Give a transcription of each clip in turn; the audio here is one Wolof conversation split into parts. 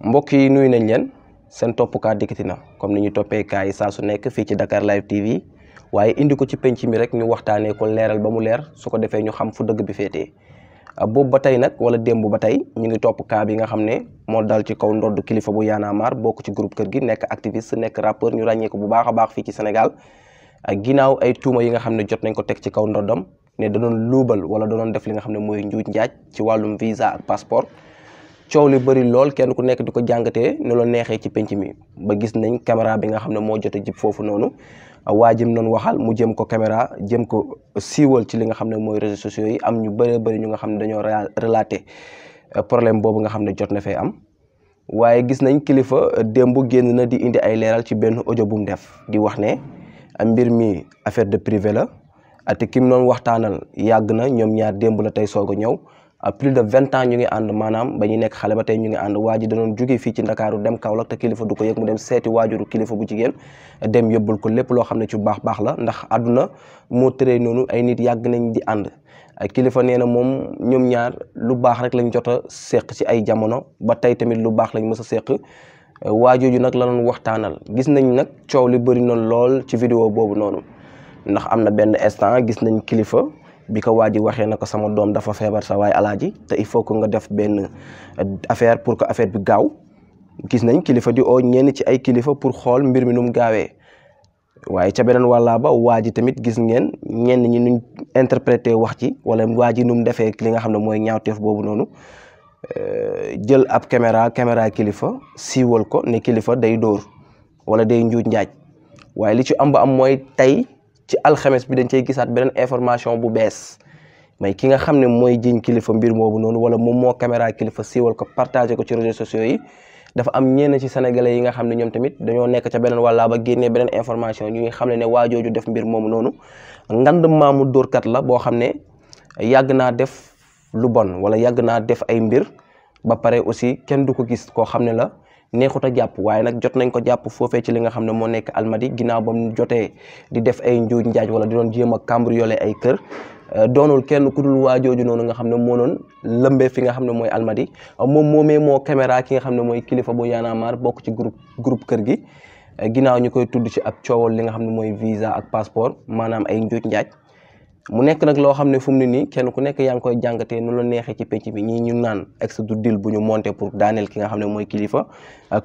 mbokk yi nuyu nañ leen seen toppkaa dikkati na comme ni ñu toppee kaa yi su nekk fii ci Dakar Live TV waaye indi ko ci penc mi rek ñu waxtaanee ko leeral ba mu leer su ko defee ñu xam fu dëgg bi féetee ah, boobu tey nag wala démb ba tey ñu ngi topp bi nga xam ne moo daal ci kaw ndodd kilifa bu Y'en a marre bokk ci group kër gi nekk activiste nekk rappeur ñu ràññee ko bu baax a baax fii ci Sénégal ah, ginnaaw ay tuuma yi nga xam ne jot nañ ko teg ci kaw ndoddam ne da doon luubal wala da doon def li nga xam ne mooy njuuj njaaj ci wàllum visa ak passeport coow li bëri lool kenn ku nekk di ko jàngatee nu la neexee ci penc mi ba gis nañ caméra bi nga xam ne moo jot a jib foofu noonu waa jëm noonu waxal mu jëm ko caméra jëm ko siiwal ci li nga xam ne mooy réseaux sociaux yi am ñu bëree bëri ñu nga xam ne dañoo relaté euh, problème boobu nga xam ne jot na fee am waaye gis nañ kilifa euh, démb génn na di indi ay leeral ci benn ojo bu def di wax ne mbir mi affaire de privé la ate kim noonu waxtaanal yàgg na ñoom ñaar démb la tey soog a ñëw à de vingt ans ñu ngi ànd maanaam ba ñuy nekk xale tey ñu ngi ànd waa ji danoon jóge fii ci ndakaaru dem Kaolack te kilifa du ko yëg mu dem seeti waajuru kilifa bu jigéen dem yóbbul ko lépp loo xam ne ci baax baax la ndax aduna moo tëree noonu ay nit yàgg nañ di ànd kilifa nee na moom ñoom ñaar lu baax rek lañ jot a seq ci ay jamono ba tey tamit lu baax lañ mës a seq waajooju nag la doon waxtaanal gis nañ nag coow li bëri na lool ci vidéo boobu noonu ndax am na benn instant gis nañ kilifa bi ko waa waxee na ko sama doom dafa feebar sa waaye alaaji te il faut que nga def benn euh, affaire pour que affaire bi gaaw gis nañ kilifa di oo ñenn ci ay kilifa pour xool mbir mi nu mu gaawee waaye ca beneen wàllaa ba waa ji tamit gis ngeen ñenn ñi nuñ interprété wax ci wala waa ji nu mu defee li nga xam ne mooy ñaawteef boobu noonu euh, jël ab caméra caméra kilifa siiwal ko ne kilifa day dóor wala day njuuj njaaj waaye li ci am am mooy tey ci alxemes bi dañ cey gisaat beneen information bu bees mais ki nga xam ne mooy jiñ kilifa mbir moobu noonu wala moom moo caméra kilifa siiwal ko partagé ko ci réseaux sociaux yi dafa am ñenn ci sénégalais yi nga xam ne ñoom tamit dañoo nekk ca beneen wàllaa ba génnee beneen information ngi xam ne ne waajooju def mbir moomu noonu ngand maamu dóorkat la boo xam ne yàgg naa def lu bon wala yàgg naa def ay mbir ba pare aussi kenn du ko gis koo xam ne la neexut a jàpp waaye nag jot nañ ko jàpp foofee ci li nga xam ne moo nekk almadi ginnaaw ba jotee di def ay juuj njaaj wala di doon jéem a cambriolé ay kër euh, doonul kenn ku dul jooju noonu nga xam ne moo doon lëmbee fi nga xam ne mooy almadi moom moomee moo caméra ki nga xam ne mooy kilifa bu yaanaamaar bokk ci group groupe kër gi euh, ginnaaw ñu koy tudd ci ak coowal li nga xam ne mooy visa ak passeport maanaam ay njuuj njaaj mu nekk nag loo xam ne fu mu ne nii kenn ku nekk yaa ngi koy jàngatee nu la neexee ci pénc bi ñu naan ex du dil bu ñu monté pour daaneel ki nga xam ne mooy kilifa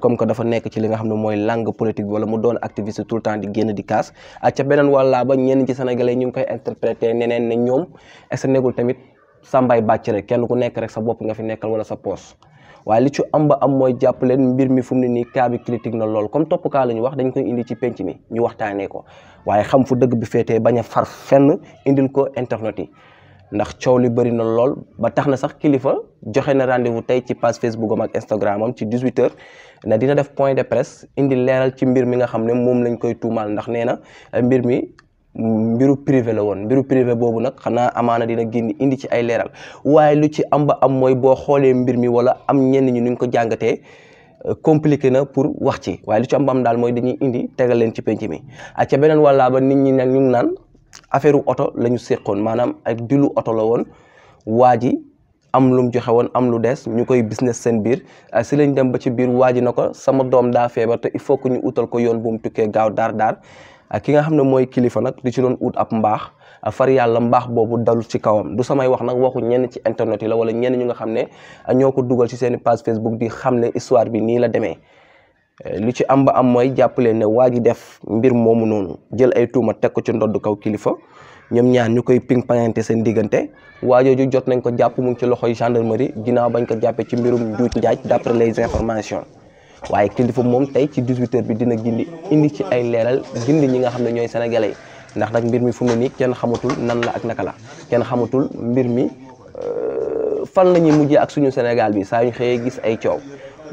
comme que dafa nekk ci li nga xam ne mooy langue politique bi mu doon activiste tout le temps di génn di kaas ca beneen wàllaa ba ñenn ci sénégalais ñu ngi koy interprété neneen ne ñoom est ce nekkul tamit sambay bàcc rek kenn ku nekk rek sa bopp nga fi nekkal wala sa poos waaye li ci am ba am mooy jàpp leen mbir mi fu mu ne nii kaabi bi critique na lool comme topp kaa la ñu wax dañ koy indi ci penc mi ñu waxtaanee ko waaye xam fu dëgg bi féetee bañ a far fenn indil ko internet yi ndax coow li bëri na lool ba tax na sax kilifa joxe na rendez-vous tey ci page Facebook am ak Instagram am ci 18h ne dina def point de presse indi leeral ci mbir mi nga xam ne moom lañ koy tuumaal ndax nee na mbir mi. mbiru privé la woon mbiru privé boobu nag xanaa amaana dina génn indi ci ay leeral waaye lu ci am ba am mooy boo xoolee mbir mi wala am ñenn ñi nuñ ko jàngatee euh, compliqué na pour wax ci waaye lu ci am ba am daal mooy dañuy indi tegal leen ci penc mi. a ca beneen wàllaa ba nit ñi nag ñu ngi naan affaire oto la ñu séqoon maanaam ak dilu oto la woon waa ji am lu mu joxe woon am lu dees ñu koy business seen biir si lañ dem ba ci biir waa ji na ko sama doom daa feebar te il faut que ñu utal ko yoon bu mu tukkee gaaw daar daar. ak ki nga xam ne mooy kilifa nag di ci doon ut ab mbaax far yàlla mbaax boobu dalu ci kawam du samay wax nag waxu ñenn ci internet yi la wala ñenn ñu nga xam ne ñoo ko dugal ci seeni page Facebook di xam ne histoire bi nii la demee lu ci am ba am mooy jàppale ne waa ji def mbir moomu noonu jël ay tuuma teg ko ci ndodd kaw kilifa ñoom ñaan ñu koy ping pangante seen diggante waajooju jot nañ ko jàpp mu ngi ci loxoy gendarmerie ginnaaw bañ ko jàppee ci mbirum njuuj njaaj d'après les informations waaye kilifa moom tey ci 18 bi dina gindi indi ci ay leeral gindi ñi nga xam ne ñooy sénégalais ndax nag mbir mi fu mu ne nii kenn xamatul nan la ak naka la kenn xamatul mbir mi euh, fan la ñuy mujjee ak suñu Sénégal bi saa ñu xëyee gis ay coow.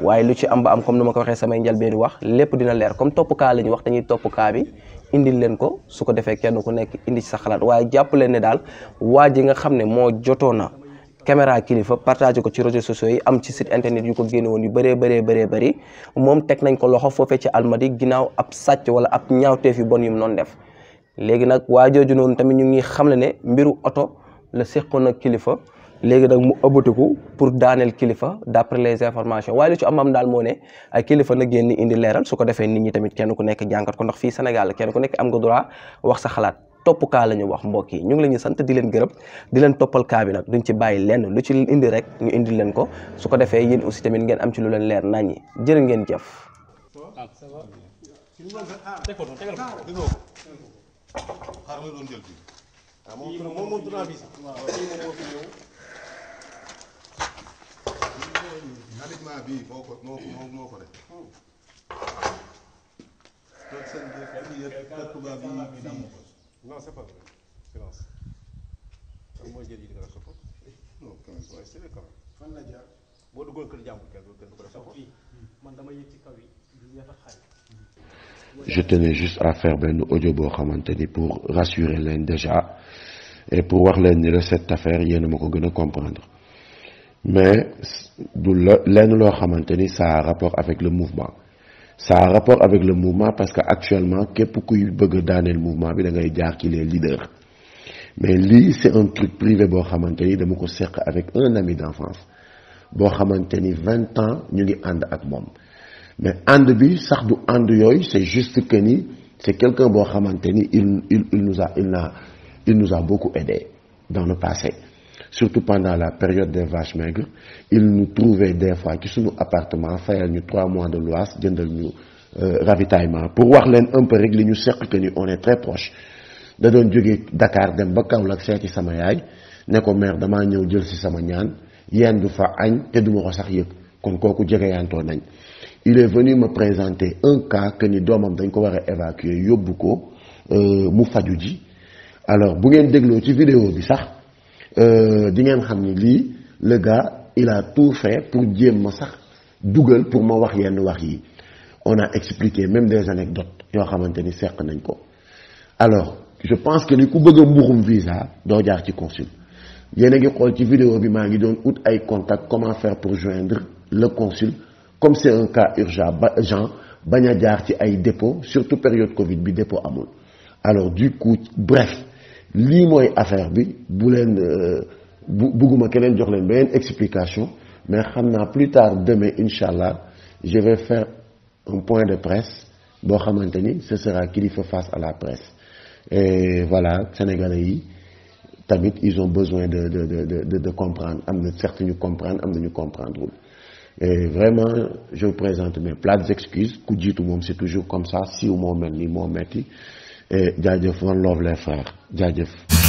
waaye lu ci am ba am comme nu ma ko waxee samay njëlbeenu wax lépp dina leer comme topp kaa la ñuy wax dañuy topp kaa bi indi leen ko su ko defee kenn ku nekk indi ci sa xalaat waaye jàpp leen ne daal waa ji nga xam ne moo jotoon na caméra kilifa partagé ko ci réseaux sociaux yi am ci site internet yu ko génne woon yu bëree bëree bëree bëri moom teg nañ ko loxo foofee ci almadi ginnaaw ab sàcc wala ab ñaawteef yu bon yu mu noonu def léegi nag waa jooju noonu tamit ñu ngi xam ne ne mbiru oto la séqoon ak kilifa léegi nag mu ëbbatiku pour daaneel kilifa d'après les informations waaye li ci am am daal moo ne ay kilifa na génn indi leeral su ko defee nit ñi tamit kenn ku nekk jàngat ko ndax fii Sénégal kenn ku nekk am nga droit wax sa xalaat topp kaa la ñu wax mbokk yi ñu ngi la ñuy sant di leen gërëm di leen toppal kaa bi nag duñ ci bàyyi lenn lu ci indi rek ñu indi leen ko su ko defee yéen aussi tamit ngeen am ci lu leen leer naññi jërë ngeen jëf def. Ah, Non, c'est pas vrai. Silence. kan mooy jël yi di ko def sa bopp. non quand même waaye c'est quand boo je tenais juste à faire benn audio boo xamante ni pour rassurer leen déjà et pour wax leen ni la cette affaire yéen a ma ko gën a comprendre mais du la lenn loo xamante ni ça a rapport avec ça a rapport avec le mouvement parce que actuellement képp kuy bëgg a daaneel mouvement bi da ngay jaar ci les leaders mais lii c'est un truc privé boo xamante ni dama ko seq avec un ami d'enfance boo xamante ni vingt ans ñu ngi ànd ak moom mais ànd bi sax du ànd yooyu c'est juste que ni c'est quelqu'un boo xamante ni il il il nous a il a il nous beaucoup aidé dans le passé surtout pendant la période des vaches maigres il nous trouvait des fois ci suñu appartement fayal ñu trois mois de loyer jëndal ñu euh, ravitaillement pour wax leen un peu li ñu seq que ni on est très proche da doon jógee dakaar dem ba Kaolack seeti sama yaay ne ko mère damaa ñëw jël si sama ñaan du fa añ te duma ko sax yëg kon kooku jegeyantoo nañ il est venu me présenter un cas que ni doomam dañ ko war a évacuer yóbbu ko euh, mu faju ji alors bu ngeen dégloo ci vidéo bi sax Euh, di ngeen xam ni lii le gars il a tout fait pour jéem ma sax dugal pour ma wax yenn wax yi on a expliqué même des anecdotes yoo xamante ni seq nañ ko alors je pense que ni ku bëgg a mbuxum visa doo jaar ci consul yéen a ngi xool ci vidéo bi maa ngi doon ut ay contact comment faire pour joindre le consul comme c'est un cas urgent ba gens bañ a jaar ci ay dépôt surtout période Covid bi dépôt amul alors du coup bref lii mooy affaire bi bu leen euh, bu bugguma keneen jox leen beneen explication mais xam naa plus tard demain incha allah je vais faire un point de presse boo xamante ni ce sera Kilifeu face à la presse et voilà sénégalais yi tamit ils ont besoin de de de de comprendre am na certes ñu comprendre am na ñu comprendre wul et vraiment je vous présente mes plates excuses ku jiitu moom c'est toujours comme ça siiw moo mel ni moo metti Eh, jaajëf one love les frères jaajëf